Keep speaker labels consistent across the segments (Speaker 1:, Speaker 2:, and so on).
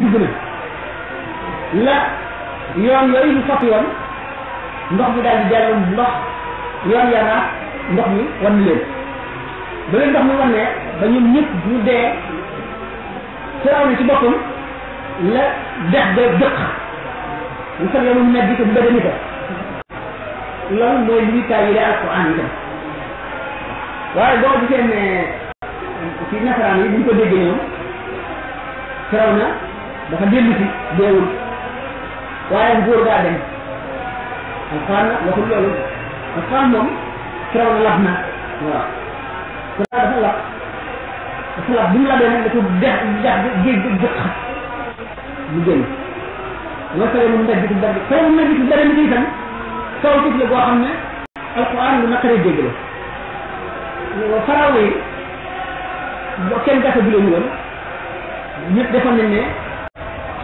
Speaker 1: gën la yoon yooyu ñu sotti woon ndox mi daal di ndox yoon yaa ndox mi wan leen ba leen ndox mi wan ne ba ñun ñëpp ñu dee seraw na ci boppam la dex ba dëkk ñu sax yoonu mu nekk ko bu bëgg ni ko loolu mooy li ñuy taay yi alquran itam waaye boo gisee ne ci nasaraan yi bu ñu ko déggee ñoom seraw na dafa dellu si deewul waaye nguur daa dem alxuraan waxul loolu alxuraan moom keroog lab na waaw keroog dafa lab dafa lab bi mu labee nag dafa dex dex géej géej xam mu génn loolu tamit mu nekk bitim dara keroog mu nekk bitim dara mi la boo xam ne alxuraan lu naqaree dégg la faraaw yi kenn gasa bi leen woon ñëpp defoon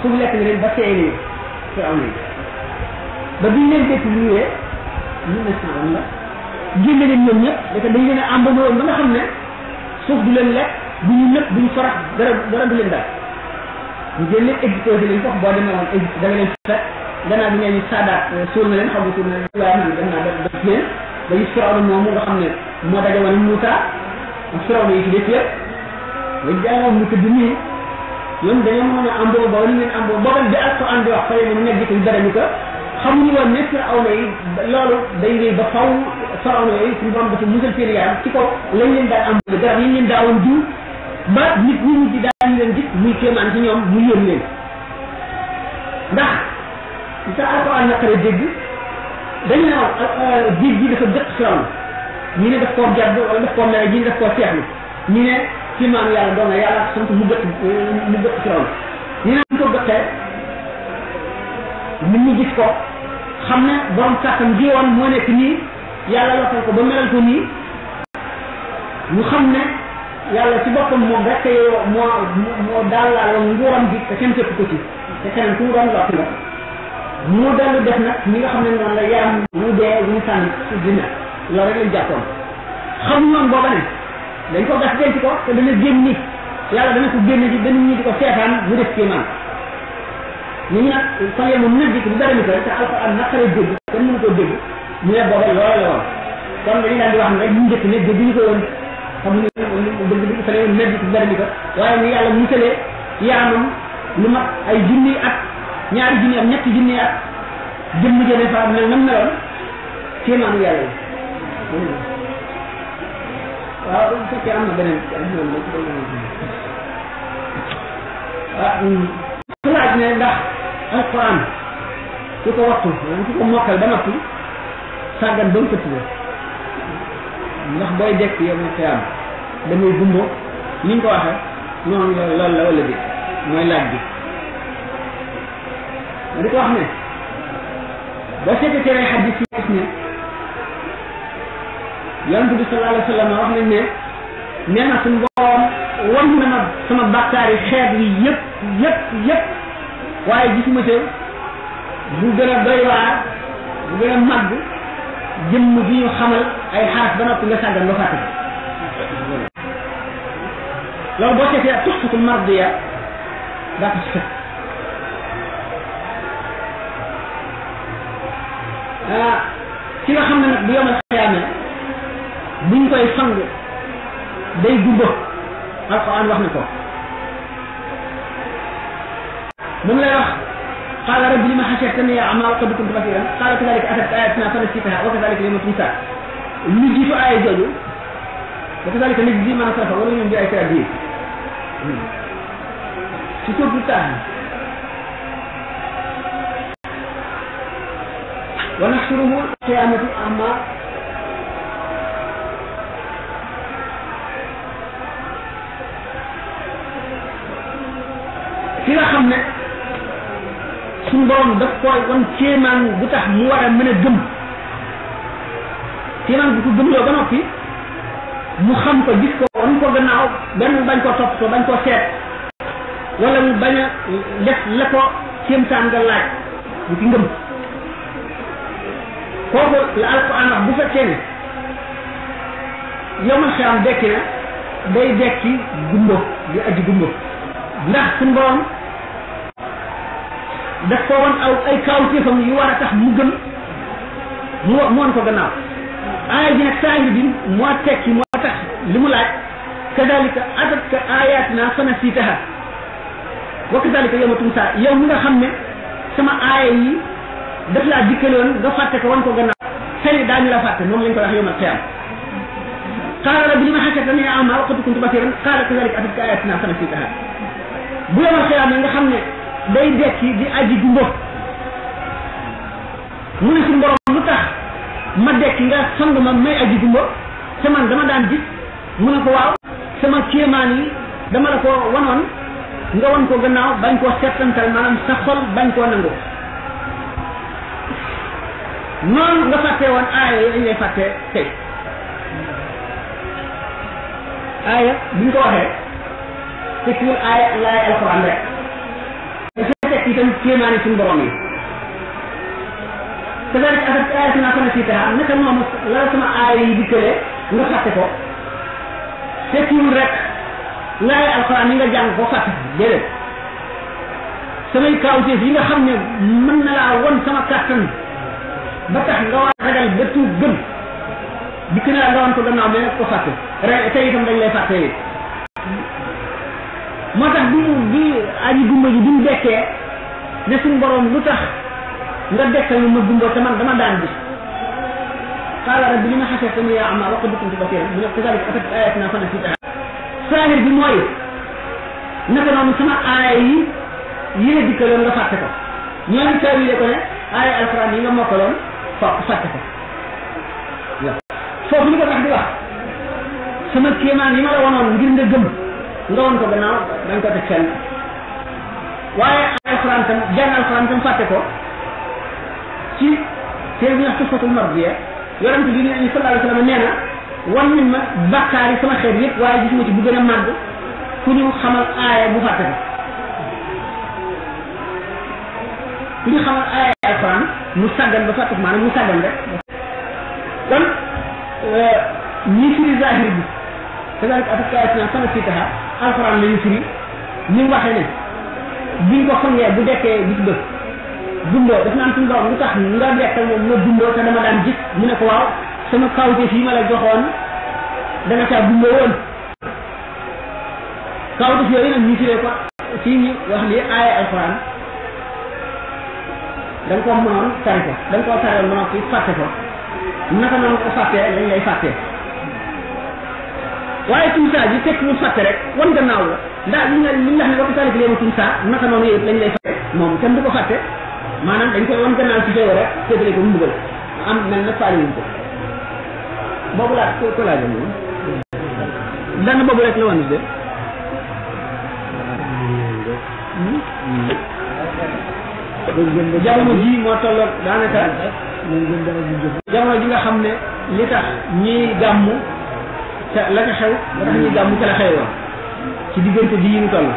Speaker 1: suuf lekk na leen ba tey nii firaw nii ba biñ leen dëkk lu ñëwee mille neuf cent lan la génne ñëpp dafa dañ leen a àmbandoo woon ba nga xam ne suuf du leen lekk bu ñu nëpp bu ñu farax dara dara du leen dal ñu génne exposé leen sax boo demee woon da nga leen fekk gannaaw bi ñu saadaat suul na leen xam nga suul na leen waaye man gannaaw da daf leen dañu mu moomu nga xam ne moo daje woon Moussa ak firaw yi ci def yëpp way jaamoom mu tëdd nii ñoom dañoo mën a amboo ba wane leen amboo ba ba di alquran di wax fële ne nekk ci da ñu ko xamuñu woon ne Firawna yi loolu day ba faw Firawna yooyu suñu musal seen yaram ci kaw lañ leen daan amboo garab yi leen daawoon diw ba nit ñi ñu di daan leen gis muy kéemaan ci ñoom mu yóbbu leen ndax sa alquran naqare dégg dañu naan euh, euh, géej gi dafa jot Firawna ñu ne daf koo jàdd wala daf koo mere ñi ne daf koo seexlu ñu ne. ci maam yàlla doon na yàlla sant mu gët mu gët ci raw ñu naan ko gëttee nit ñi gis ko xam ne borom kàttan ji woon moo nekk nii yàlla lottal ko ba melal ko nii ñu xam ne yàlla ci boppam moom rekk yoo moo moo daal laa nguuram bi te kenn tëpp ko ci te keneen ku mu doon lott la mu dellu def nag ñi nga xam ne noonu la yaram mu dee ñu sànni su dina loolu rek lañ jàppoon xam ñoom booba ne dañ ko gas denc ko te dana génn yàlla dana ci ñi di ko seetaan mu def ci man ñu ngi nag fan yemu nit bi bu dara mi koy te alxuraan naqaree dégg kenn ko dégg ñu ne booba loolu la woon kon dañu daan di wax ne rek ñu ne dégg ñu ko woon xamuñu dëgg dëgg fële nit bi bu dara mi ko waaye ni yàlla musalee yaamam lu mat ay junni at ñaari junni at ñetti junni at jëmm jëne fa mel nam meloon kéemaanu yàlla yi waaw bu fekkee am na beneen waaw ah, mm. laaj ne ndax alquran ku ko waxtu maanaam ku ba noppi sàggan ba mu ko ko waxee noonu la loolu bi mooy laaj bi ma di ko wax ne boo seetee tere xadis yi gis ne yonent bi sallallahu alayhi wa sallam wax nañ ne nee na suñu borom wan na ma sama bàkkaar yi xeet yi yëpp yëpp yëpp waaye gisuma ca bu gën a doy waar bu gën a màgg jëmm bi ñu xamal ay xaas ba noppi nga sàggan ba fàtte loolu boo seetee tuxfatul mardiya daa ko fekk ah ki nga xam ne nag bu yomal xayaamee buñ koy sang day gumba alquran wax na ko moom lay wax qaala rabbi lima hashartani a'maa wa qad kuntu basiiran qaala kadhalika atat ayatina fanasitaha wa kadhalika al yawma tunsa lu jiitu aaya jooju wa kadhalika najzi man asrafa wala ñoom bi ay tera bii ci surtout taan wa nahshuruhu qiyamati a'maa ki nga xam ne suñ borom daf koy wan kéemaan bu tax mu war a mën gëm kéemaan bu ko gëmloo ba noppi mu xam ko gis ko wan ko gannaaw benn bañ ko topp ko bañ ko seet wala mu bañ la ko kéemtaan nga laaj bu ci ngëm kooku la alquran wax bu fekkee ne yow man xeram dekki na day dekki gumbo di aji gumbo ndax suñu borom daf ko wan aw ay kaawteefam yu war a tax mu gëm mu mu wan ko gannaaw aaya ji nag saahir bi moo tekki moo tax li mu laaj kadalika atatka ayatina fanasitaha wa kadalika yawma tunsa yow mi nga xam ne sama aaya yi daf laa dikkaloon nga fàtte ko wan ko gannaaw tey daañu la fàtte moom lañ ko wax yawmal qiyaam qaala rabbi lima hashartani a'maa wa qad nga xam ne day dekki di aji ju mu ne suñu borom lu tax ma dekki nga sang ma may aji ju mbokk dama daan gis mu ne ko waaw sama kéemaan yi dama la ko wanoon nga won ko gannaaw bañ koo settantal maanaam sa xol bañ koo nangu noonu nga fàtte woon aaya yooyu ngay fàtte tey aaya bi ñu ko waxee te suul aaya laay alxuraan rek teg itam kéemaani suñu borom yi kadalik atat ayatuna fanasitaha naka noonu la sama aaya yi dikkale nga fàtte ko tekkiwul rek laay alxuraan yi nga jàng ko fàtte déedéet samay kaawteef yi nga xam ne mën na laa won sama kàttan ba tax nga war ragal ba tuub gëm dikk na la nga won ko gannaaw mais ko fàtte rek tey itam dañ lay fàtte moo tax bi mu bi aji gumba ji bi mu dekkee ne suñu borom lu tax nga dekkal ma gumba te man dama daan gis qaala rabbi lima hashartani yaa ammaa wa qad kuntu basiiran mu ne kazaalika atatka aayaatunaa fanasiitahaa saahir bi mooy naka noonu sama aaya yi yéen a dikkaloon nga fàtte ko ñooñu taawile ko ne aaya alquran yi nga mokkaloon fa fàtte ko waaw foofu li ko tax di wax sama kéemaan yi ma la wanoon ngir nga gëm. nga woon ko gannaaw dañ ko teg fenn waaye alxuraan tam jàng alxuraan tam fàtte ko ci téere bi nga Tuhfatul bi ne sallallahu alayhi wa sallam nee na wan nañ ma bàkkaar yi sama xeet yëpp waaye gisuma ci bu gën a màgg ku ñu bu fàtte ko ku ñu xamal aaya alxuraan mu sàggan ba fàtte ko maanaam mu sàggan rek kon ñi euh, firi zahir bi كذلك أتت آياتنا فنسيتها alxuraan lañu firi ñu mu waxee ne buñ ko fangee bu dekkee gis bët dundoo daf naan suñu borom lu tax nga dekk moom nga dundoo te dama daan gis mu ne ko waaw sama kawteef yi ma la joxoon danga caa dundoo woon kawteef yooyu nag ñu firee ko fii ñu wax ni aaya alxuraan da nga ko mënoon tari ko da nga koo taroon mënoon ci fàtte ko naka noonu ko fàttee lañ lay fàttee waaye tumsa ji fekk mu fàtte rek wan gannaaw la ndax li nga li nga xam ne waxu taalif leen tumsa naka noonu yëpp lañ lay fàtte moom kenn du ko fàtte maanaam dañ koy wan gannaaw ci jooyo rek séddale ko mu mbugal am ko boobu laa la wan
Speaker 2: de jamono ji moo tolloog daanaka
Speaker 1: jamono ji nga xam ne li tax ñiy gàmmu te la ca xew la tax ñuy gàmm ca la xew woon ci diggante bi yi ñu toll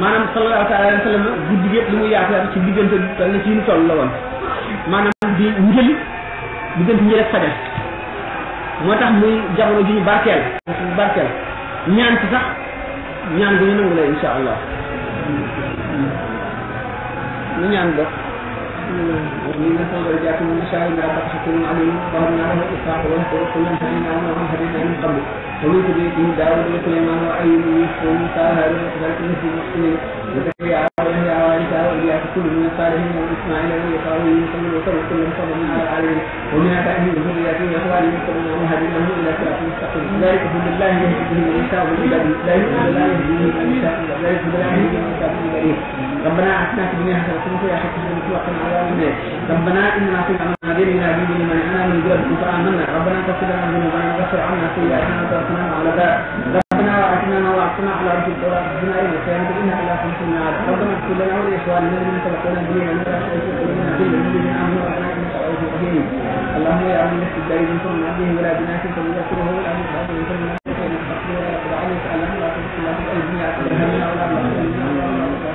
Speaker 1: maanaam sallallahu taala alayhi wa sallam guddi gi lu mu yaakaar ci diggante bi toll ci yi la woon maanaam bi njël diggante njël ak fajar moo tax muy jamono ji ñu barkeel barkeel ñaan ci sax ñaan gu ñu nangu la insha allah ñu ñaan bokk وإنما ثم رجعتم من مشاعر ما تحكمون عليهم ظهرنا له إسحاق ويحكم كلا هدينا ومن هدينا من قبل ومن ذريته داود وسليمان وأيوب وموسى هارون وكذلك مثل المحسنين وزكريا ويحيى وعيسى وإلياس كل من الصالحين وإسماعيل وإسحاق ويوسف ويوسف كل فضل على العالمين ومن أتاهم ذريته وأخوانه وسلم وهديناه إلى صراط مستقيم ذلك فضل الله يهدي به من يشاء ويهدي لا يهدي الله يهدي من يشاء ذلك فضل الله يهدي من يشاء ربنا آتنا في الدنيا حسنة وفي الآخرة حسنة وقنا عذاب النار ربنا إننا أطعنا غيرنا من من من جلد فآمنا ربنا اغفر لنا ذنوبنا واغفر عنا سيئاتنا وتوفنا على ذلك ربنا وآتنا ما وعدتنا على رسل الدراسة بنا إلى القيامة إنك لا تنسى النار ربنا اغفر لنا ولإخواننا الذين سبقونا بنا ولا تشركوا بنا في الذين آمنوا وعنا إنك رؤوف رحيم اللهم يا أولي في الدين ثم به ولا بناس ثم ذكره ولا مفعله ثم لا تشركوا به ولا تدعوا عليك ألا تشركوا الله بأيدينا ولا تشركوا الله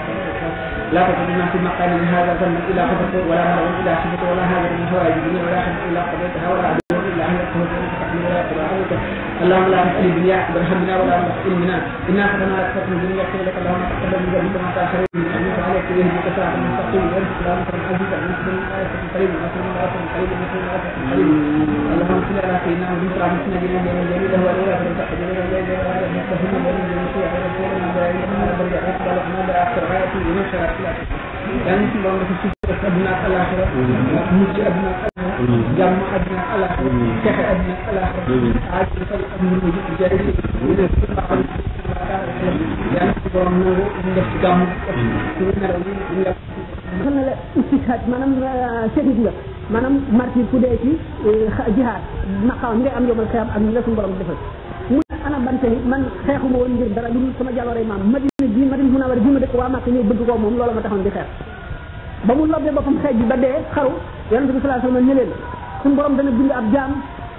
Speaker 1: لا تجد ما في مقام هذا ذنب الا غفرته ولا مرض الا شفته ولا هذا من هوى الدنيا ولا حزن الا قضيتها ولا عنك ولا يقبل عنك اللهم لا نسأل الدنيا اكبر همنا ولا مستقل منا انا فلما لا تفتح من دنيا لك اللهم تقبل من ذنبك ما تاخر من علمك عليك اليه بك ساعه من تقول وانت سلام من عزيز من احسن من ايه من قريب من احسن من ايه من قريب من احسن من ايه من قريب اللهم صل على سيدنا وذكر عن سيدنا جميل جميل جميل هو الاولى فلم تحد جميل جميل جميل جميل مستهم ومن جميل شيء على سيدنا ما بلا اله الا الله يقبل اعمال اخر غايته ونشر اخلاقه يعني اللهم تشكر ابناء الاخره وتمجد ابناء jàmm àddina ala texe àddina ala aji fay am nu def ci gàmm suñu nelaw yi na la istihaad maanaam sëriñ la martir ku dee ci jihaad maqaam ngay am yomal xiyam ak ñu la suñu borom defal mu ne ana ban tamit man xeexuma woon ngir dara lu sama jaloore maam madina gi madina munawara gi ma dëkk waa Màkka ñëw bëgg ko moom loola ma taxoon di xeex ba mu lobbee boppam xeej bi ba dee xaru yonente bi sallallahu alayhi wasallam ne leen suñu borom dana bind ab jaam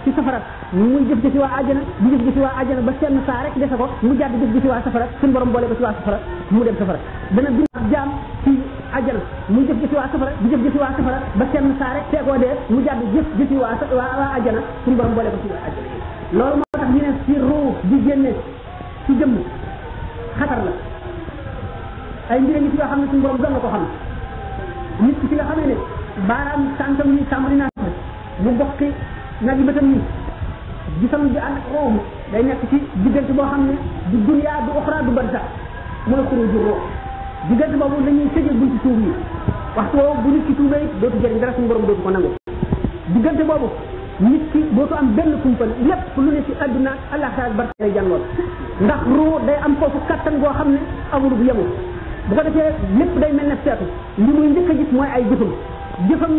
Speaker 1: ci safara muy jëf jëf ci waa àjjana di jëf jëf ci waa àjjana ba seen saa rek defe ko mu jàdd jëf jëf ci waa safara suñu borom boole ko ci waa safara mu dem safara dana bind jaam ci àjjana muy jëf jëf ci waa safara di jëf jëf ci ba seen saa rek teekoo dee mu jàdd jëf jëf ci waa waa àjjana suñu borom boole ko ci waa àjjana loolu moo tax ñu ne ci ruu di génne ci jëmm xatar la ay mbir ngi ci yoo xam ne suñu borom gën la ko xam ne nit ki la xamee ne baaraam tànkam ni sàmm dinaa mu dox ci nag yi bëtam gisam bi ànd ak day nekk ci diggante boo xam ne du duniyaa du oxra du barsax mooy xuruju ruux diggante boobu la ñuy tëjee bunti tuub yi waxtu bu nit ki tuubee dootu jëriñ dara suñu borom dootu ko nangu diggante boobu nit ki dootu am benn kumpal lépp lu ne ci àdduna ak àllaaxira barke lay jàngoon ndax ruux day am foofu kattan goo xam ne amul bu yemul bu ko defee lépp day mel ne seetu li muy njëkk a gis mooy ay jëfam jëfam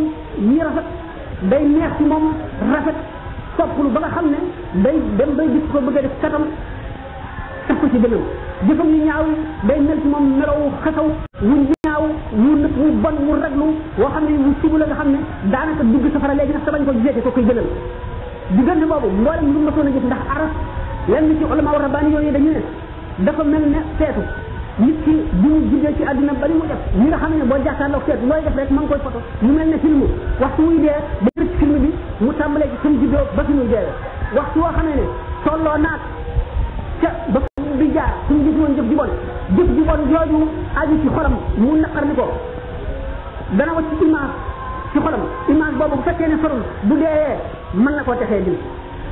Speaker 1: yi rafet day neex ci moom rafet sopplu ba nga xam ne day dem bay gis ko bëgg a def katam tax ko ci gënam jëfam yu ñaaw day mel ci moom melawu xasaw wu ñaaw wu nëpp wu bon wu raglu woo xam ne wu subu la xam ne daanaka dugg safara léegi nag sa bañ ko gisee ko koy gënal diggante boobu mboolem lu ma soon a gis ndax aras lenn ci ulama rabbani yooyu dañu ne dafa mel ne seetu nit ki bi mu jugee ci àdduna bari mu def ñi nga xam ne boo jàkkaarloo seet looy def rek ma ngi koy photo mu mel ne film waxtu wuy dee ba jël ci film bi mu tàmbalee ci suñu juddoo ba suñu deewee waxtu woo xam ne tolloo naat ca ba bi jaar suñu gis woon jëf ji bon jëf ji bon jooju aju ci xolam mu naqar ni ko dana wacc image ci xolam image boobu bu fekkee ne sorul bu deeyee mën na koo texee dim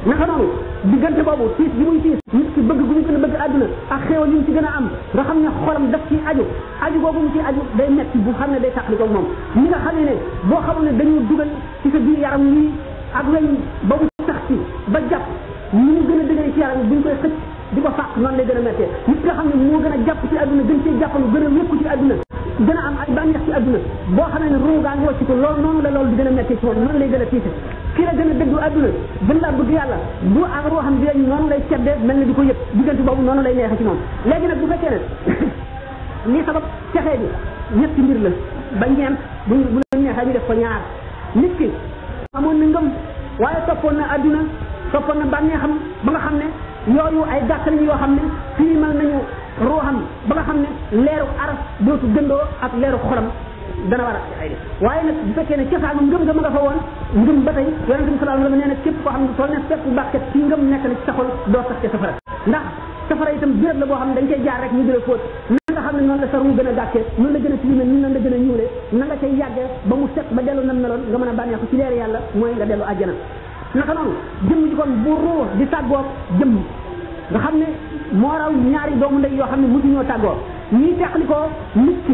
Speaker 1: naka noonu diggante boobu tiis bi muy tiis nit ki bëgg gu mu gën bëgg àdduna ak xéewal yi ci gën a am nga xam ne xolam daf ci aju aju boobu mu ci aju day metti bu xam ne day tàqli koog moom ñi nga xam ne boo xamul ne dañu dugal ci sa biir yaram lii ak lay ba mu tax ci ba jàpp mu gën a dëgëre ci yaram buñ gën a mettee gën a jàpp ci àdduna gën cee jàppalu gën a ci àdduna gën a am ay bànneex ci àdduna boo xam ne ruugaan wocc ko loolu noonu la loolu di gën a metti ci moom noonu lay gën a tiite ki la gën a dëggu àdduna gën laa bëgg yàlla bu ak ruuxam bi lañ noonu lay seddee mel ni di ko yëg diggante boobu noonu lay ci moom léegi nag bu fekkee ne lii sabab texee bi ñetti mbir ba ñeent bu bu ñu def ko ñaar nit ki amoon na ngëm waaye toppoon na àdduna toppoon na bànneexam ba nga xam ne yooyu ay gàtt yoo xam ne fii firimal nañu ruuxam ba nga xam ne leeru aras dootu gëndoo ak leeru xolam dana war a ay waaye nag bu fekkee ne cosaanu ngëm nga ma nga fa woon ngëm ba tey yonente xam na ci saxol doo sax ca safara xam ne dañ cay jaar rek ñu dëla fóot na nga xam ne noonu la sa ruu gën a gàccee noonu la gën a tilimee noonu la gën a ñuulee na nga cay yàggee ba mu set ba dellu nam meloon nga mën a bànneexu ci leer yàlla mooy nga dellu àjjana naka noonu ji kon bu ruux di tàggoog jëmm nga xam ne moo raw ñaari doomu ndey yoo xam ne mujj ñoo tàggoo ñuy teqli ko nit ki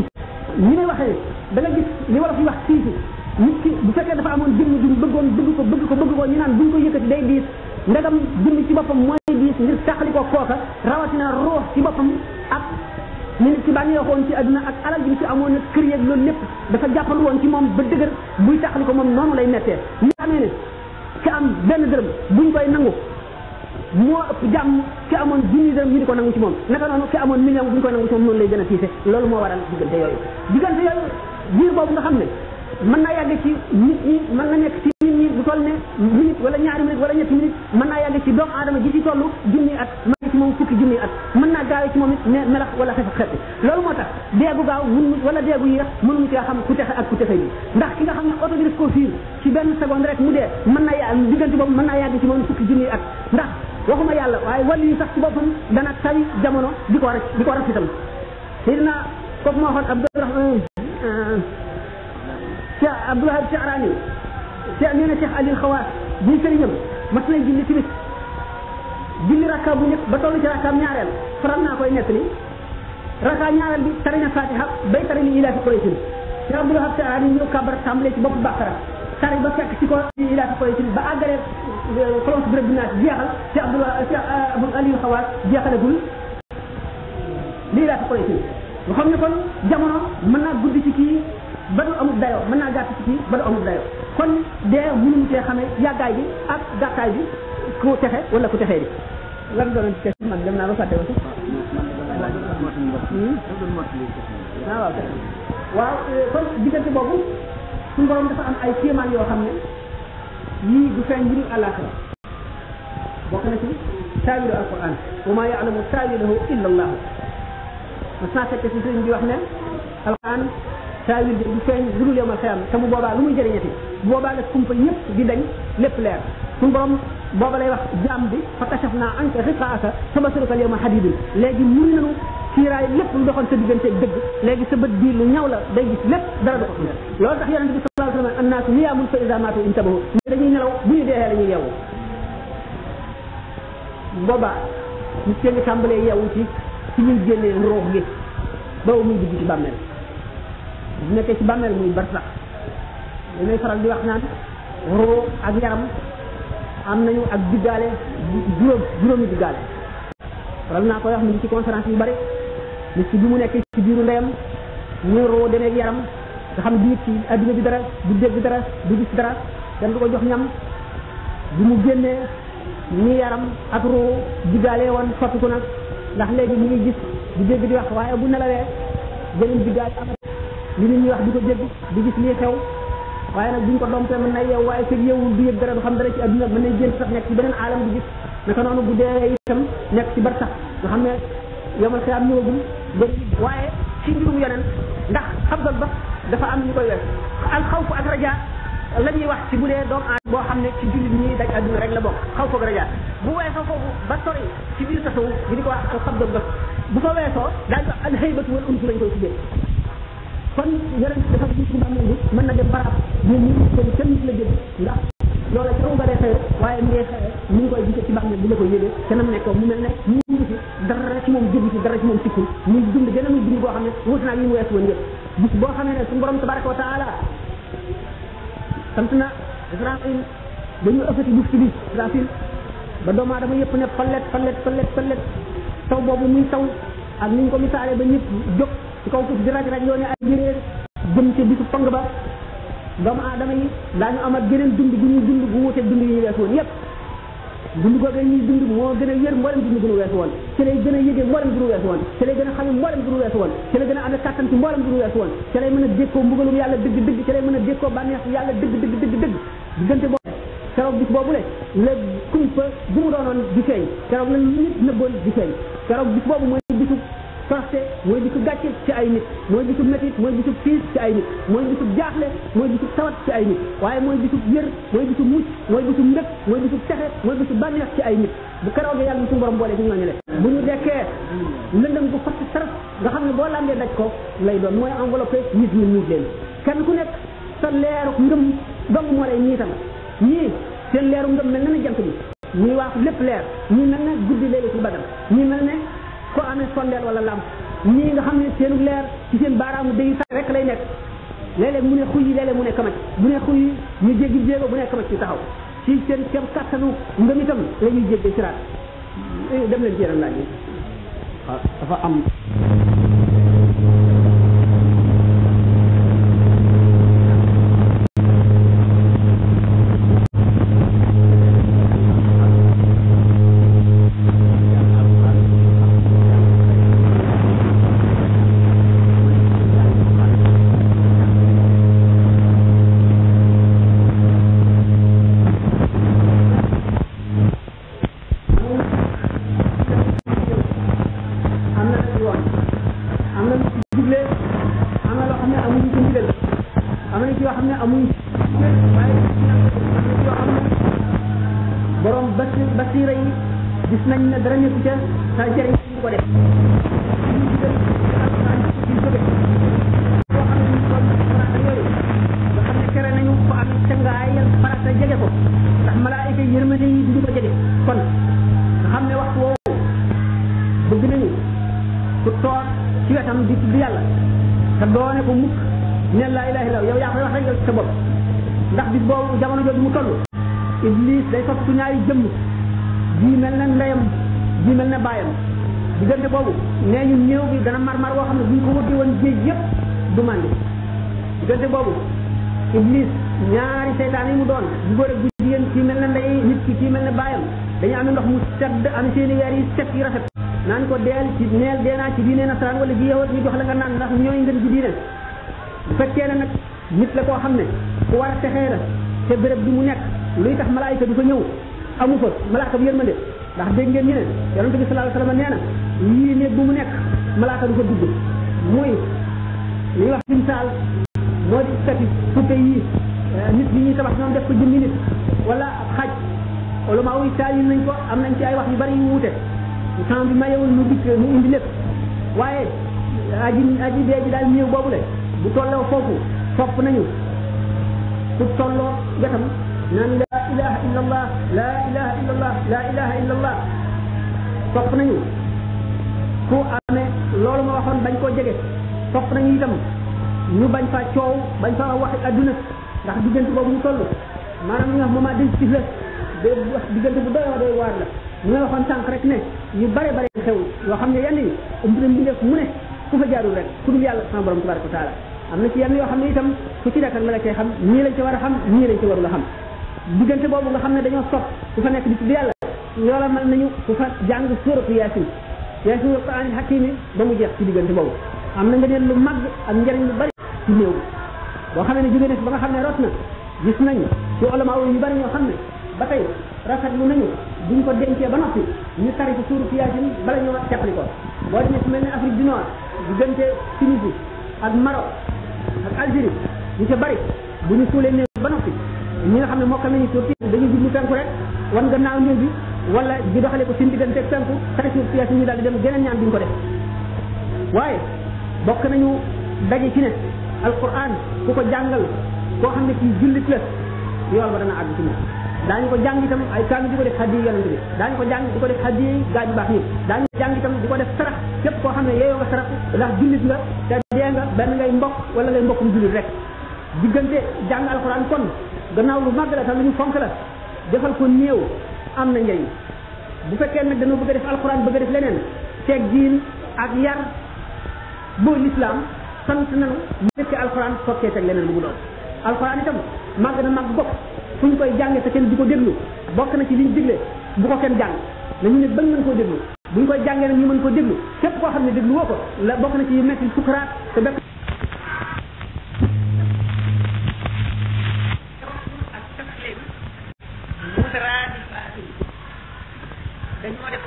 Speaker 1: ñi may waxee da nga gis li wolof yi wax siisi nit ki bu fekkee dafa amoon jëmm duñ bëggoon bëgg ko bëgg ko bëgg ko ñu naan buñ ko yëkkati day diis ndegam jëmm ci boppam mooy diis ngir teqli ko kooka rawatina ruux ci boppam ak ni nit ki bànneexoon ci àdduna ak alal ji mu ci amoon ak kër yeeg loolu lépp dafa jàppal woon ci moom ba dëgër buy teqli ko moom noonu lay mettee ñi nga xamee am benn dërëm buñ koy nangu moo ëpp jàmm ki amoon junni dërëm ñu di ko nangu ci moom naka noonu ki amoon million bu ñu ko nangu ci moom lay gën a tiise loolu moo waral diggante yooyu diggante yooyu biir boobu nga xam ne mën naa yàgg ci nit ñi mën na nekk ci nit ñi wala ñaari minute wala ñetti minute naa yàgg ci doomu aadama ji ci toll junni at mën na ci moom fukki mën naa gaawe ci moom it wala xef xetti loolu moo tax deegu gaaw mun wala deegu yéex mënuñu cee xam ku texe ak ku texe bi ndax ki nga xam ne autogris ko fiir ci benn seconde rek mu dee mën naa yàgg diggante boobu mën naa yàgg ci moom fukki junni at ndax waxuma yàlla waaye wàllu yi sax ci boppam dana tay jamono di ko rek di ko rek itam sayyidina kooku moo waxoon Abdurahman Cheikh Abdoulahab Chahrani Cheikh nee na Cheikh Aliou Xawaas buy sëriñam mat nay julli tamit julli rakka bu njëkk ba tollu ci rakkaam ñaareel faral naa koy nekk ni rakka ñaareel bi tari na Fatiha bay tari li ilaafi Quraysh Cheikh Abdoulahab Chahrani ñëw kàbbar tàmbalee ci bopp bàkkara sari ba fekk ci ko ila ko ci ba agale xolom ci bërepp naas jeexal ci abdul ci abul aliou xawaas jeexalagul li ila ko ci lu xam ne kon jamono mën naa gudd ci kii ba du amul dayo mën naa gàtt ci kii ba du amul dayo kon dee mënuñu cee xamee yàggaay bi ak gàttaay bi ku texe wala ku texee bi lan doon ci man dem naa ba fàtte aussi waaw waaw kon diggante boobu suñu borom dafa am ay kéemaan yoo xam ne lii du feeñ mbiru àllaaxira bokk na ci taawilu alquran wa maa yaalamu taawilahu illa allahu mas naa fekk si sëriñ bi wax ne alquran taawil bi du feeñ lu dul yowmal xiyaam te bu boobaa lu muy jëriñati bu boobaa la kumpa ñëpp di dañ lépp leer suñu borom booba lay wax jaam bi fa kashaf naa anka xifaaka fa basaruka al yawma hadiidun léegi muri nanu kiiraay lépp lu doxoon sa diggante dëgg léegi sa bët bii lu ñaw la day gis lépp dara doxo loolu tax yonente bi sallallahu alayhi wa sallam annaasu niyaamun fa iza maatu intabahu dañuy nelaw bu ñu deexee la ñuy yeewu boobaa nit ke ngi tàmbalee yeewu ci ci ñuy ba muy dugg ci bàmmeel wax naan ruux am nañu ak diggaale juróom juróomi diggaale faral naa koy wax mu ci conférence yu bari nit ci bi mu nekkee ci biiru ndeyam wéeroo demee yaram nga xam du ci aduna bi dara du dégg dara du gis dara dem du ko jox ñam bi mu génnee ni yaram ak roo digaalee woon fottiku nak ndax léegi ni ngi gis du dégg di wax waaye bu nelawee beneen digaale am li nit ñi wax du ko dégg di gis li xew waaye nag buñ ko dompee mën na yeew waaye ci yeewul du yëg dara du xam dara ci aduna mën na génn sax nek ci benen alam du gis naka nonu bu dee itam nek ci bar sax nga xam ne xiyam ñu ñëwagul bëri waaye ci mbirum yonent ndax afdal ba dafa am ñu koy wees alxawfu ak raja la ñuy wax ci bu dee doomu aadama boo xam ne ci jullit ñi daj àdduna rek la bokk xawfu ak raja bu weesoo foofu ba sori ci biir tasawuf bi di ko wax alxafdal ba bu fa weesoo daañu ko alxaybatu wal unsu lañ koy tuddee kon yonent dafa gis ci bàmmeel bi mën na dem barab ñu ñu kon kenn la jëm ndax loola ca nga dee waaye mu ngi xëy mu ngi koy gisee ci bàmmeel bi la koy yëgee te nam nekkoon mu mel ne gisu dara ci moom jëgg si dara ci moom sikkul muy dund gën a muy dund boo xam ne wut naa yi mu weesu woon yëpp bis boo xamee ne suñu borom tabaraka wa taala sant na Israfil dañu ëffati bufti bi Israfil ba doomu aadama yëpp ne palet palet palet palet taw boobu muy taw ak ni ñu ko misaalee ba ñëpp jóg ci kaw suuf di raj raj loo ne ay jëréer jëm ci pang ba doomu aadama yi daañu amaat geneen dund gu ñuy dund gu wuute dund yi ñu weesu woon yëpp dund googu ñuy dund moo gën a yër mboolem dund gu nu weesu woon ci lay gën a yëgee mboolem gu nu weesu woon ci lay gën a xame mboolem gu nu weesu woon ci lay gën a amee kàttan ci mboolem gu nu weesu woon ci lay mën a dékkoo mbugalum yàlla dëgg dëgg ci lay mën a dékkoo bànneex yàlla dëgg dëgg dëgg dëgg diggante boobu keroog bis boobu le la kumpa bu mu doonoon di feeñ keroog la nit nëbboon di feeñ keroog bis boobu mooy bisu parce mooy bisub gàcce ci ay nit mooy bisub métit mooy bisub fiis ci ay nit mooy bisub jaaxle mooy bisub tawat ci ay nit waaye mooy bisub wér mooy bisub mucc mooy bisub mbëg mooy bisub texe mooy bisub bànneex ci ay nit bu keroogee yàlla suñu borom boole ñu ñooñu le bu ñu dekkee lëndëm bu fatt sarat nga xam ne boo làmbee daj ko lay doon mooy enveloppé nit ñi muut leen kenn ku nekk sa leeru ngëm dong moo lay ñiital ñii seen leeru ngëm mel na ne jant bi ñuy wax lépp leer ñii mel ne guddi léegi su badal ñii mel ne ko amee sondeel wala lamp ñii nga xam ne seenu leer ci seen baaraamu day sax rek lay nekk léeg-léeg mu ne xuy yi mu ne kamaj bu ne xuy yi ñu jéggi jéego bu ne kamaj ci taxaw ci seen kem kattanu ngëm itam la ñuy jéggee siraat eh, dem leen ci yeneen laaj yi ah, dafa am weer yi set yi rafet naan ko deel ci neel deenaa ci diine nasaraan wala ji yowat ñu jox la nga naan ndax ñooy ngën ji diine bu fekkee ne nag nit la koo xam ne ku war a texee la te béréb bi mu nekk luy tax malaayika du fa ñëw amu fa malaaka bu yërmande ndax dégg ngeen ñu ne yonente bi sallallahu alayhi wasallam yii bu mu nekk malaaka du fa dugg muy li ñuy wax simsaal moo di stati puppe yii eh, nit ñi ñuy tabax ñoom def ko jëmmi nit wala xaj ulama yi taaliin nañ ko am nañ ci ay wax yu bari yu wuute temps bi mayewul mu dikk mu indi lépp waaye aji aji dee ji daal néew boobu le bu tolloo foofu fopp nañu ku tolloo wetam naan la ilaha illa allah la ilaha illa nañu ku amee loolu ma waxoon bañ koo jege fopp nañu itam ñu bañ faa coow bañ faa waxi adduna ndax diggante boobu ñu toll maanaam li nga xam moment day day wax diggante bu doy day waar la ñu nga waxoon sànq rek ne yu bare bare xew yoo xam ne yenn yi mbir mi def mu ne ku fa jaarul rek ku dul yàlla sama borom tabaraka taala am na ci yenn yoo xam ne itam ku ci nekkal ma la cay xam nii lañ ci war a xam nii lañ ci warul a xam diggante boobu nga xam ne dañoo sopp ku fa nekk di tudd yàlla loola mën nañu ku fa jàng sóoratu yaasin yaasin wa quraan hakimi ba mu jeex ci diggante boobu am na nga neen lu mag ak njëriñ lu bari ci néew boo xam ne jóge na ba nga xam ne rot na gis nañ ci ulama yu ñoo xam ne ba tey rafetlu nañu duñ ko dencee ba noppi ñu tari ko suuru Yaasin bala ñoo teqali ko boo demee ci mel ne Afrique du Nord diggante Tunisie ak Maroc ak Algérie bari bu ñu suulee néew ba noppi ñi nga xam ne mokkal nañu suur Yaasin dañuy jublu penku rek wan gannaaw néew bi wala di doxale ko seen diggante ak penku tari suuru Yaasin ñu daal di dem geneen ñaan duñ ko def waaye bokk nañu daje ci ne alquran ku ko jàngal koo xam ne kii jullit la yool ba dana àgg ci moom daañu ko jàng itam ay kaami di ko def xaddi yonent bi daañu ko jàng di ko def xaddi gaaj baax yi daañu ko jàng def sarax képp koo xam ne yeeyoo nga sarax ndax jullit nga te dee nga benn ngay mbokk wala ngay mbokkum jullit rek diggante jàng alxuraan kon gannaaw lu màgg la te lu ñu fonk la defal ko néew am na njëriñ bu fekkee nag dañoo bëgg a def alxuraan bëgg a def leneen teg teggiin ak yar boo lislaam sant nañu nekk alxuraan fokkee teg leneen lu mu doon alxuraan itam màgg na màgg bopp fu ñu koy jàngee te kenn di ko déglu bokk na ci liñ digle bu ko kenn jàng nañu ne bañ mën koo déglu buñ koy jàngee nag ñu koo ko déglu képp koo xam ne déglu woo ko la bokk na ci yu metti sukuraat te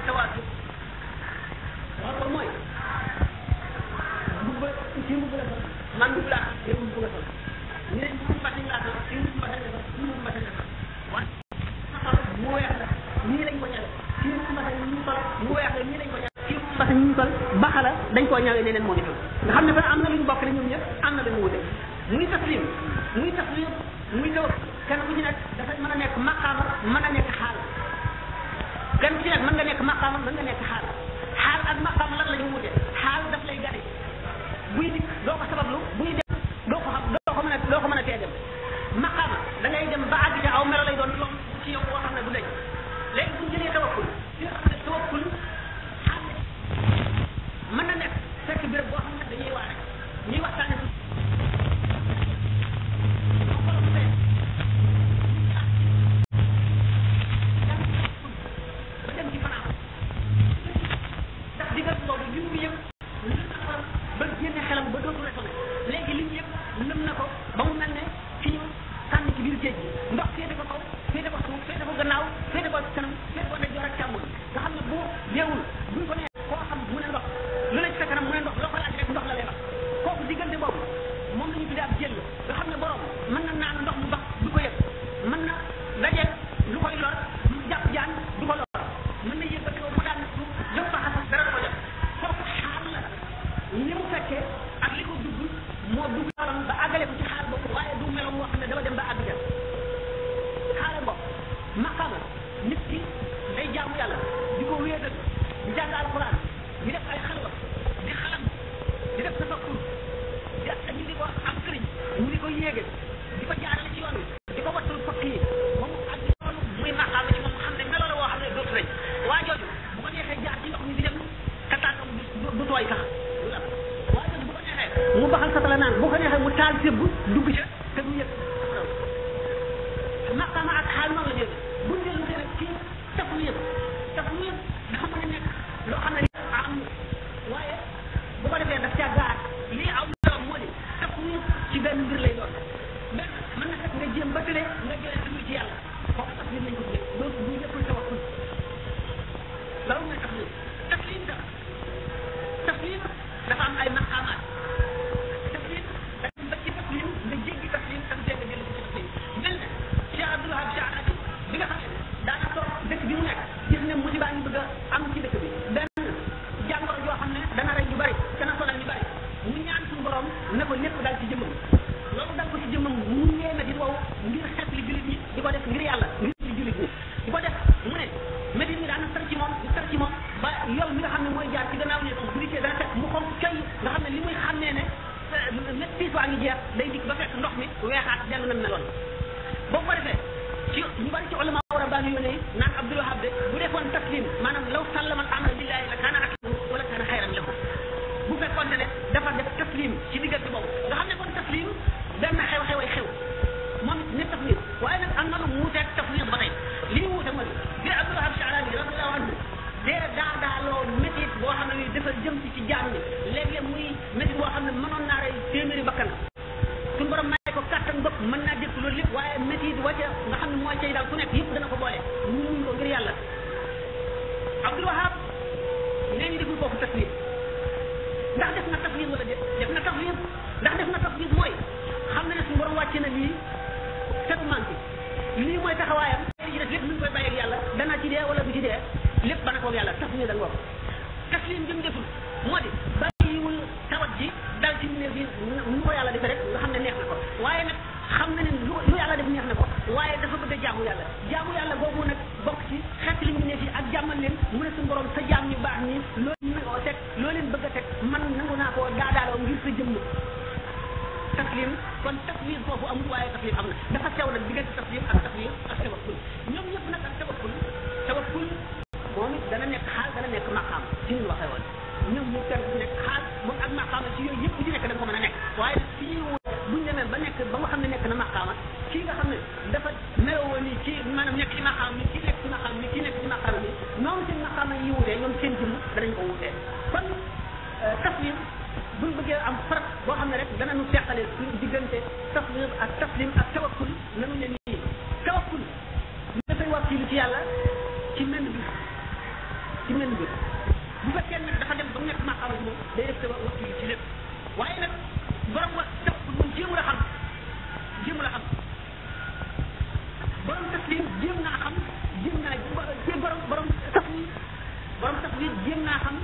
Speaker 1: sax ñu sol baxala dañ koo ñawee neneen moom itam nga xam ne fa am na lu ñu bokk ñoom ñëpp am na lu ñu wute muy taslim muy taslim muy taw kenn ku ci nekk dafa mën a nekk maqaama mën a nekk xaal kenn ku ci nekk mën nga nekk maqaama mën nga nekk xaal tooy sax mu baxal satala naan bu ko neexee mu taal sébb dugg ca nit jéem naa xam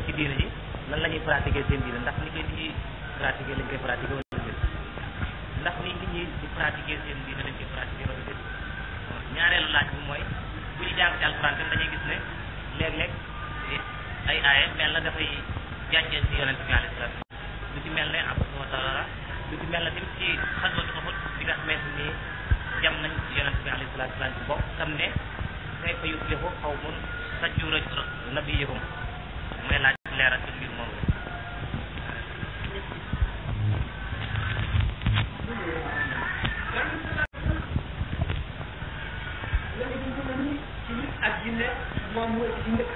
Speaker 3: la ci diine ji lan la ñuy pratiquer seen diine ndax ni ngeen di pratiquer lañ koy pratiquer wala déet ndax ni nit ñi di pratiquer seen diine lañ koy pratiquer wala déet ñaareelu laaj bi mooy bu ñu jàng ci alxuraan tam dañuy gis ne léeg-léeg ay aaye mel na dafay jàccee si yonent bi alayhi salaatu lu ci mel ne am wa tarara lu ci mel ne tamit ci xaswa ci xamut di nga xamante ni jam nañ ci yonent bi alayhi salaatu salaam ci bopp xam ne kay fa yuslihu xawmun sajjuura nabiyahum muy laaj leeral ci mbir moom
Speaker 1: moom mooy bi nekk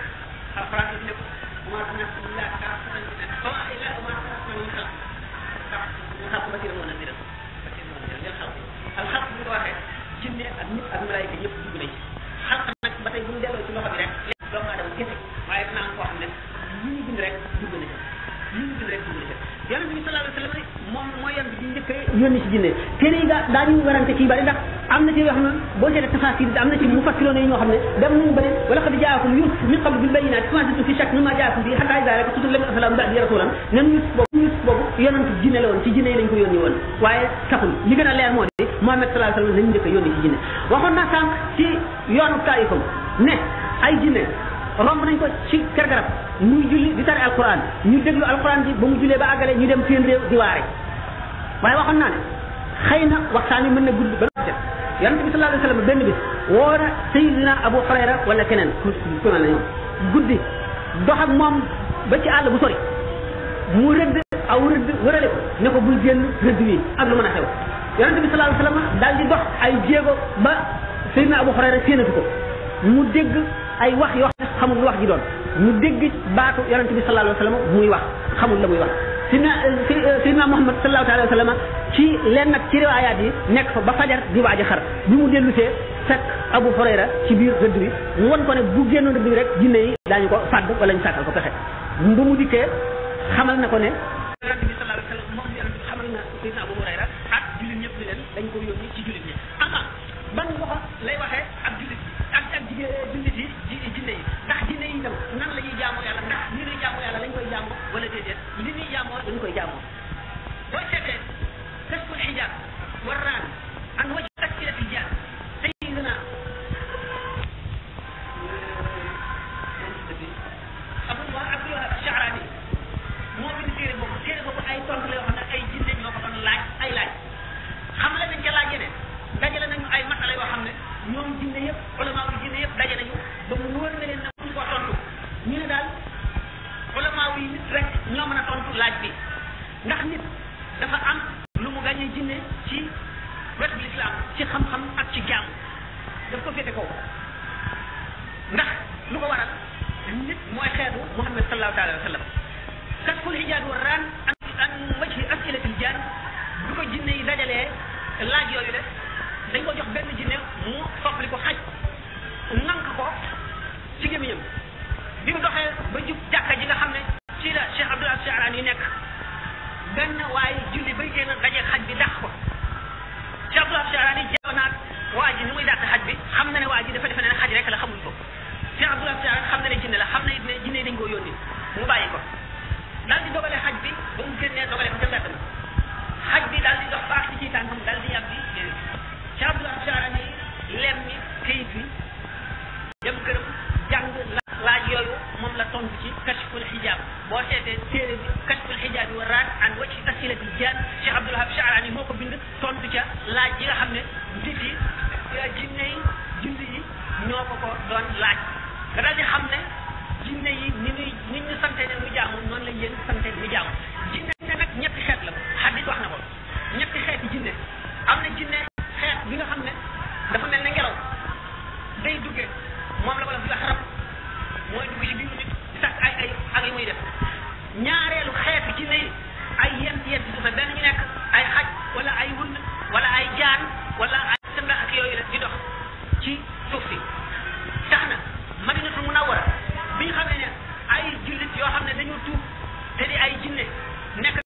Speaker 1: koy yónni ci jinne téere yi daa daañu warante ci bari ndax am na ci yoo xam ne boo seetee tafasir am na ci mu fassiroon yi ñoo xam ne dem nañu bëri wala qad jaakum yus min qabl bil bayyinaat famantum bi hatta izaa rek tutul lam asalaam ba'di a leer moo di ay jinne romb nañ ko ci kër garab muy julli di tari alquran ñu déglu alquran bi ba mu jullee ba àggale ñu dem seen réew di waare waaye waxoon naa ne xëy na waxtaan yi mën na gudd ba noppi yonent bi sallallahu alayhi wa sallam benn bis woo na Seydina Abu Hurayra wala keneen ku mel na ñoom guddi dox moom ba ci àll bu sori mu rëdd aw rëdd ko ne ko bul génn rëdd wi ak lu mën a xew yonent bi sallallahu alayhi wa sallam daal di dox ay jéego ba Seydina Abu Hurayra séenatu ko mu dégg ay wax yoo xam ne xamul lu wax ji mu dégg baatu yonent bi sallallahu alayhi wa muy wax xamul la muy wax sidna sidna Muhammad sallallahu alayhi wa sallam ci leen nag ci riwaayaat yi nekk fa ba fajar di waaj a xar bi mu dellusee fekk Abu Hurayra ci biir rëdd bi mu won ko ne bu génnoon rëdd bi rek jinne yi daañu ko fàdd wala ñu sàkkal ko pexe bu mu dikkee xamal na ko ne ci xam-xam ak ci jaamu daf ko féete kaw ndax lu ko waral nit mooy xeetu Muhammad sallallahu alayhi wa sallam kat kul hijaad war raan an an wajhi asilatil jaan du ko jinne yi dajalee laaj yooyu de dañ ko jox benn jinne mu soppali ko xaj nank ko ci gémmiñam bi mu doxee ba jub jàkka ji nga xam ne ci la Cheikh Abdul Aziz Al Shaarani nekk benn waaye julli bay génn daje xaj bi dax dafa defe ne xaj rek la xamul ko Cheikh Abdoulaye Sy xam na ne jinne la xam na ne jinne dañ koo yónni mu bàyyi ko daal di dogale xaj bi ba mu génnee dogale ko ca mbedd ma xaj bi daal di dox baax ci ciy tànkam daal di yàgg nekk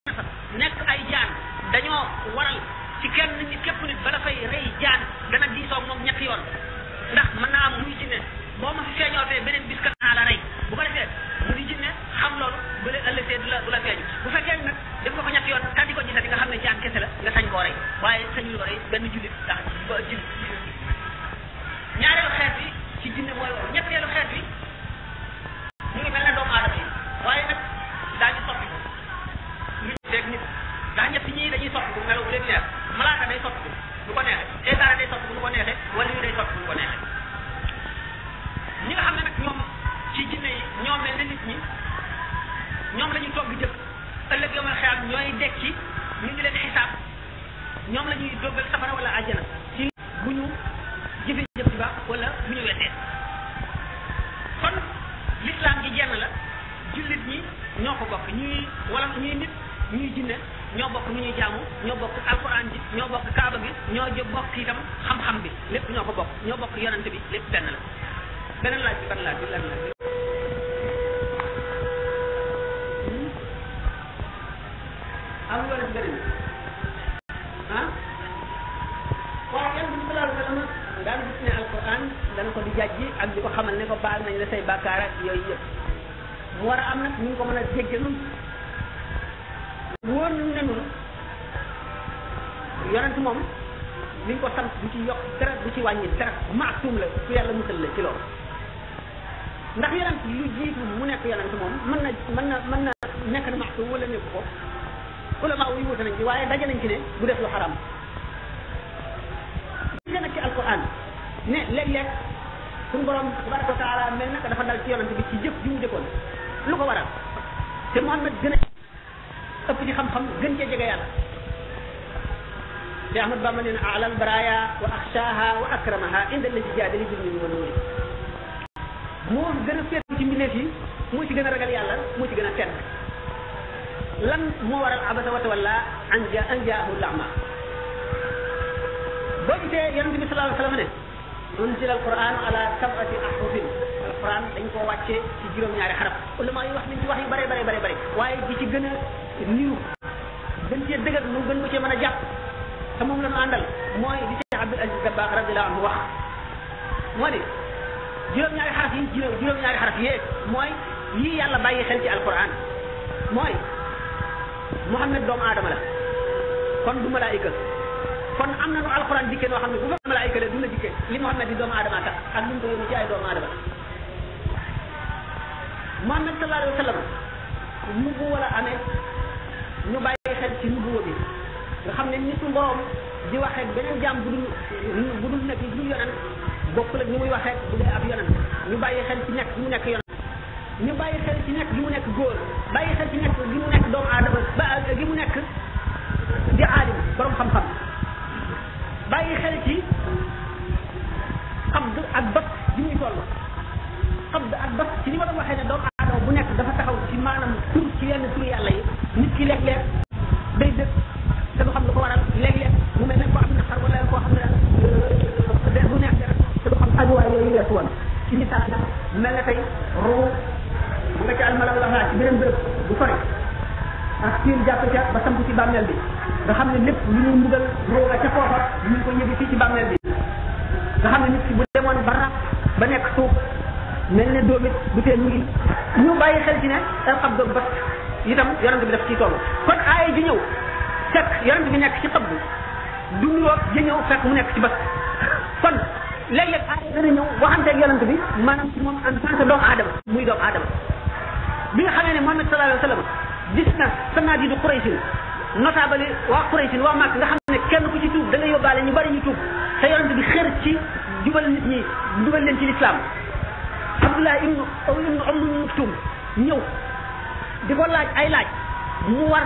Speaker 1: xam du ci yokk ci wàññi dara maasum yàlla musal la ci loolu ndax yonent lu jiitu mu nekk yonent moom mën na mën na mën nekk na maasum wala nekk ko ulama yi wuute nañ ci waaye daje nañ ci bu def lu xaram gën a ci ne léeg-léeg suñu borom tabaraka wa taala dafa dal ci yonent bi ci jëf ji mu jëkkoon lu ko waral te Muhammad gën a ëpp ci xam-xam gën cee jege yàlla te Ahmad Bamba nee na alal baraya wa axsaaha wa akramaha inda la ci jaadali bi ñu woon wuri moo gën a fekk ci mbindeef yi moo ci gën a ragal yàlla moo ci gën a tedd lan moo waral abasa wa tawalla an ja an jaahu lama boo gisee yonente bi sallallahu alayhi wa sallam ne unzila alquran ala sab'ati ahrufin alquran dañ koo wàcce ci juróom-ñaari xaraf ulama yi wax nañ ci wax yu bare bare bare bare waaye bi ci gën a niru gën cee dëgër mu gën ko cee mën a jàpp te moom la ñu àndal mooy li Cheikh Abdul Aziz Dabakh radiyallahu anhu wax moo di juróom-ñaari xaraf yi juróom-ñaari xaraf yee mooy lii yàlla bàyyi xel ci alquran mooy Muhammad doomu aadama la kon du malaayika kon am na nu alquran dikkee noo xam ne bu fa malaayika la du la dikkee li Muhammad di doomu aadama tax ak lu mu ko yóbbu ci ay doomu aadama Muhammad sallallahu alayhi wa sallam nubu wala amee ñu bàyyi xel ci nubuwa bi nga xam ne ni suñu borom di waxee beneen jaam bu dul bu dul nekk bu dul yonent bokkul ak ni muy waxee bu dee ab yonent ñu bàyyi xel ci nekk bi mu nekk yonent ñu bàyyi xel ci nekk gi mu nekk góor bàyyi xel ci nekk gi mu nekk aadama gi mu nekk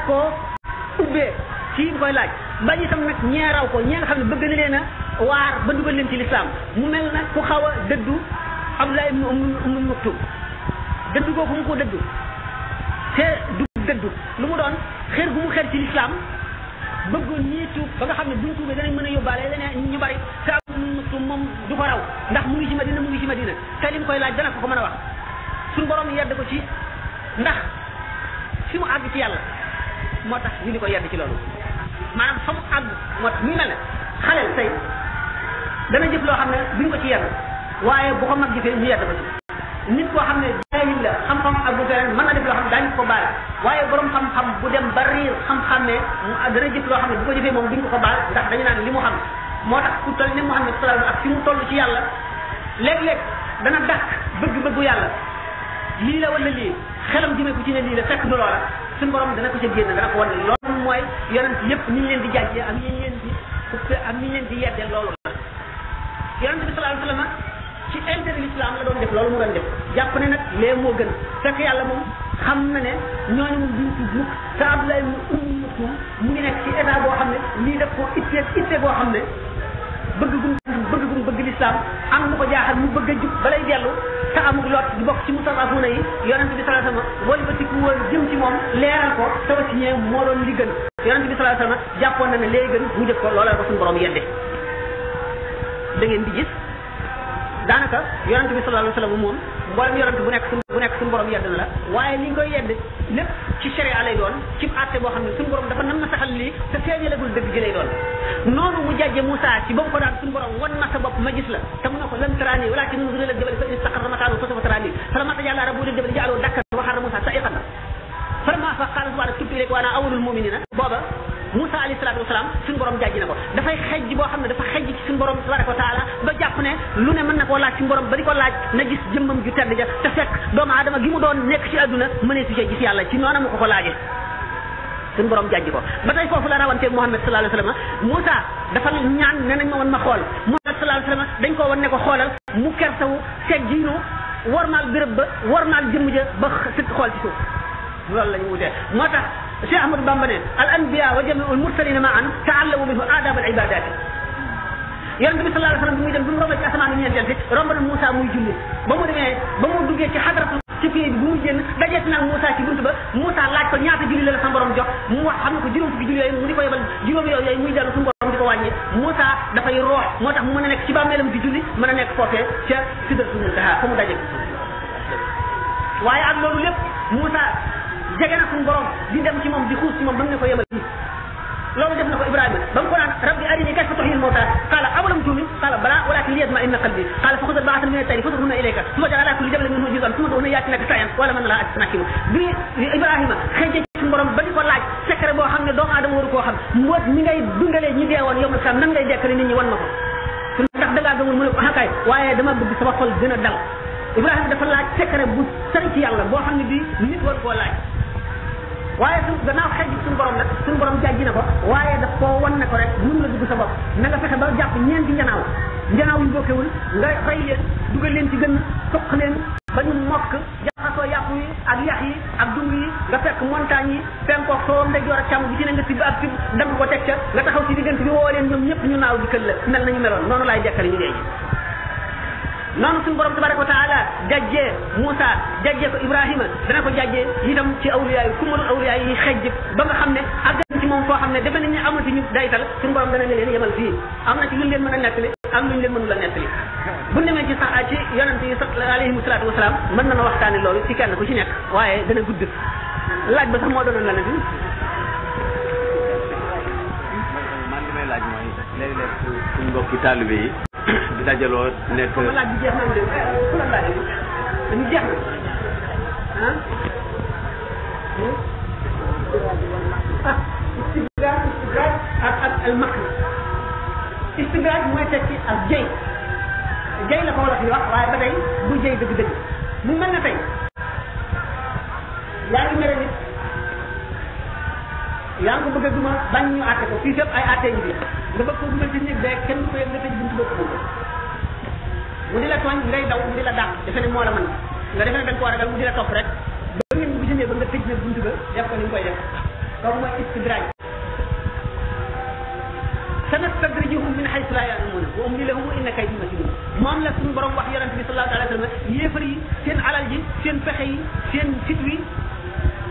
Speaker 1: koo ubbee ci nga koy laaj ba ñu tam nag ñee raw ko ñee nga xam ne bëgg na leen a waar ba dugal leen ci lislaam mu mel na ku xaw a dëddu Abdullah ibnu Ummu umm Maktum dëddu googu mu ko dëddu te du dëddu lu mu doon xeer gu mu xeer ci lislaam bëggoon ñii tuub ba nga xam ne buñ tuubee danañ mën a yóbbaale leneen ñu bari te am umm Maktum moom du ko raw ndax mu ngi ci Madina mu ngi ci Madina te li mu koy laaj dana ko ko mën a wax suñu borom yedd ko ci ndax fi mu àgg ci yàlla moo tax ñu di ko yedd ci loolu maanaam fa mu àgg moo tax muy mel ne xale tey dana jëf loo xam ne duñ ko ci yedd waaye bu ko mag jëfee ñu yedd ko koo xam ne jaayil la xam-xam ak bu feneen mën na def loo xam ne daañu ko baal waaye borom xam-xam dem ba riir xam-xam ne dana jëf loo xam ne bu ko jëfee moom duñ ko ko baal ndax dañu naan li mu xam moo tax ku toll ne Muhammad sallallahu ak fi toll ci yàlla léeg-léeg dana dàq bëgg-bëggu yàlla lii la wala lii xelam jëmee ko ci ne lii la fekk du loola suñu borom dana ko dana ko wan ne loolu mooy yonent yépp leen di jàjjee ak ni ñu leen di xuppe di yeddee loolu la yonent bi sallallahu ci intérêt l'islam la doon def loolu mu doon def jàpp ne nag lee moo gën fekk yàlla moom xam na ne ñooñu moom duñ ci mukk te Abdoulaye mu ummu mu ngi nekk ci état boo xam ne lii def ko ittee boo xam ne bëgg gum bëgg gum bëgg lislaam am lu ko jaaxal mu bëgg a jub balay dellu te amul lot di bokk ci musarrafuuna yi yonent bi sallallahu alayhi wasallam wóolu ba ku wóor jëm ci moom leeral ko tawa ci ñee moo doon li gën yonent bi sallallahu alayhi wasallam jàppoon na ne léegi gën mu jëf ko loolal ko suñu borom yedde da ngeen di gis daanaka yonent bi sallallahu alayhi wasallam moom mboolem yonent bu nekk bu nekk suñu borom yedd na la waaye li koy yedd lépp ci sharia lay doon ci àtte boo xam ne suñu borom dafa nam na saxal lii te feeñalagul dëgg ji lay doon noonu mu jàjje Moussa ci ba mu ko daan suñu borom wan na sa bopp ma gis la te mu ne ko lan taraani walakin nuzila jabal suñu borom ba di ko laaj na gis jëmmam ju tedd ja te fekk doomu aadama gi mu doon nekk ci àdduna mënee su cee gis yàlla ci noona mu ko ko laajee suñu borom jàjj ko ba tey foofu la rawanteeg Muhammad sallallahu alayhi wa sallam Moussa dafa ñaan ne nañ ma woon xool Muhammad sallallahu alayhi wa sallam dañ koo ne ko xoolal mu kersawu teggiinu warmaal béréb ba warmaal jëmm jë ba sëkk xool ci suuf loolu la ñu wutee moo tax Cheikh Ahmadou Bamba ne al anbiya wa jamiul mursalina ma an taallamu minhu aadab al ibadati yonent bi sallallahu alayhi muy dem bi mu rombee ci asamaan yi ñeenteel bi romb na Moussa muy julli ba mu demee ba mu duggee ci xadratu ci fii bi muy génn dajeet nag Moussa ci buntu ba Moussa laaj ko ñaata julli la la sa borom jox mu wax xam ne ko juróom fukki julli yooyu mu di ko yebal juróom yooyu muy di ko wàññi Moussa dafay roox moo tax mu mën a nekk ci bàmmeelam di julli mën a nekk foofee ca mu daje waaye ak loolu lépp Moussa jege na suñu borom di dem ci moom di xuus ci moom ba mu ne ko yebal loolu def na ko ibrahima ba mu ko naan rabbi arini kayfa tuhyil mawta qala awalam tu'min qala bala walakin liyatma'inna qalbi qala fa khudh ba'atan min at-tayri fadhurna ilayka thumma ja'al ala kulli jabalin minhu juz'an thumma da'una yatinaka sa'yan wala man la asnakimu bi ibrahima xëjje ci borom ba di ko laaj secret boo xam ne doomu aadama waru koo xam mboot mi ngay dundalee ñi deewoon yow sam nan ngay dekkale nit ñi wan ma ko ndax da ngaa gëmul mu ne ko xakaay waaye dama bëgg sama xol gën a dal ibrahima dafa laaj secret bu sari ci yàlla boo xam ne bi nit war koo laaj waaye su gannaaw xej bi suñu borom nag suñu borom jàjji na ko waaye daf koo wan ne ko rek mënu la dugg sa bopp na nga fexe ba jàpp ñeenti njanaaw njanaaw yu bokkewul nga rey leen dugal leen ci gën toq leen ba ñu mokk jaxasoo yàpp yi ak yax yi ak dung yi nga fekk montagne yi fenkoo soo ndeyjoor ak càmm bi ci ne nga tibb ak tibb dagg ko teg nga taxaw ci diggante bi woo leen ñoom ñëpp ñu naaw di kël la mel nañu meloon noonu laay dekkale ñu dee noonu suñu borom tabaraka wa taala jajjee Moussa jajjee ko Ibrahima dana ko jajjee itam ci awliya yi kumalul awliya yi xejj ba nga xam ne àggan ci moom koo xam ne defe nañ ne amatu ñu daytal suñu borom dana ne leen yemal fii am na ci luñ leen mën a nettali am luñ leen mënul a nettali bu ñu demee ci sax ci yonent yi alayhimu salaatu wasalaam mën na na waxtaane loolu ci kenn ku ci nekk waaye dana gudd laaj ba sax moo doonoon la ne bi man li may laaj mooy léeg-léeg suñ mbokki taalibe dajaloo nekk. istidraaj eh, istidraaj ak ak al makna istidraaj mooy tekki ak jëy jëy la ko wolof yi wax waaye ba tey bu jëy dëgg-dëgg mu mel na tey yaa ngi mere nit yaa ngi ko duma bañ ñu àtte ko fii fépp ay àtte yi bi nga bëgg ko dugal ci nit bee kenn du ko yëg nga tëj buntu mu di la tooñ ngay daw mu di la dàq defe ne moo la mën nga defe ne dañ ko ragal mu la topp rek ba ngeen bu jëmee ba nga tëj na buntu ga def ko ni nga koy def kooku mooy istidraj sanastadrijuhum min haysu laa ya'lamuun wa umli lahum inna kaydi matiin la suñu borom wax yonente bi sallallahu alayhi wa sallam yéefar yi seen alal ji seen pexe yi seen fit wi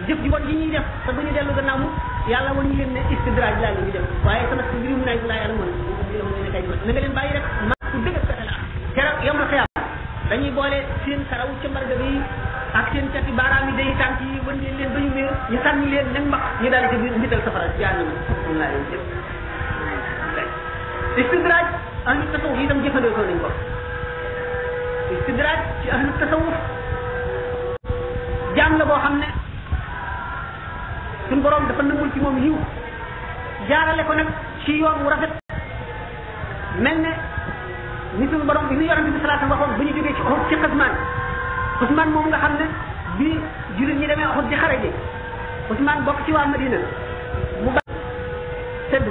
Speaker 1: jëf ji bon ñuy def te bu ñu dellu gannaaw mu yàlla wan ñu leen ne istidraj laa leen di def waaye sanastadrijuhum min haysu laa ya'lamuun wa umli lahum inna kaydi matiin na nga leen bàyyi ca marga bi ak seen cati baaraam yi day tànk yi wën leen leen ba ñu miir ñu sànni leen nag mbax ñu daal ci biir mbital safara jànn ma laa leen jëpp istidraaj ahlu tasawuf itam jëfandikoo nañ ko istidraaj ci ahlu tasawuf jaam la boo xam ne suñ borom dafa nangul ci moom yiw jaarale ko nag ci yoon wu rafet mel ne ni suñu borom bi ni yorante bi salaatam waxoon bu ñu jógee ci xasmaan Ousmane moom nga xam ne bi jullit ñi demee xut di xare ji Ousmane bokk ci waa Madina mu ba sedd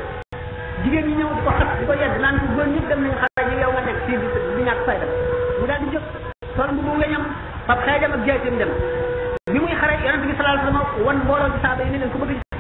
Speaker 1: jigéen ñi ñëw di ko xat di ko yedd naan ko góor ñëpp dem nañu xare ji yow nga nekk fii di sëdd di ñàkk fayda mu daal di jóg sol mbubu weñam fab xeejam ak jaaytam dem bi muy xare yonent bi sallallahu alayhi wasallam wan mbooloo ci saaba yi ne leen ku bëgg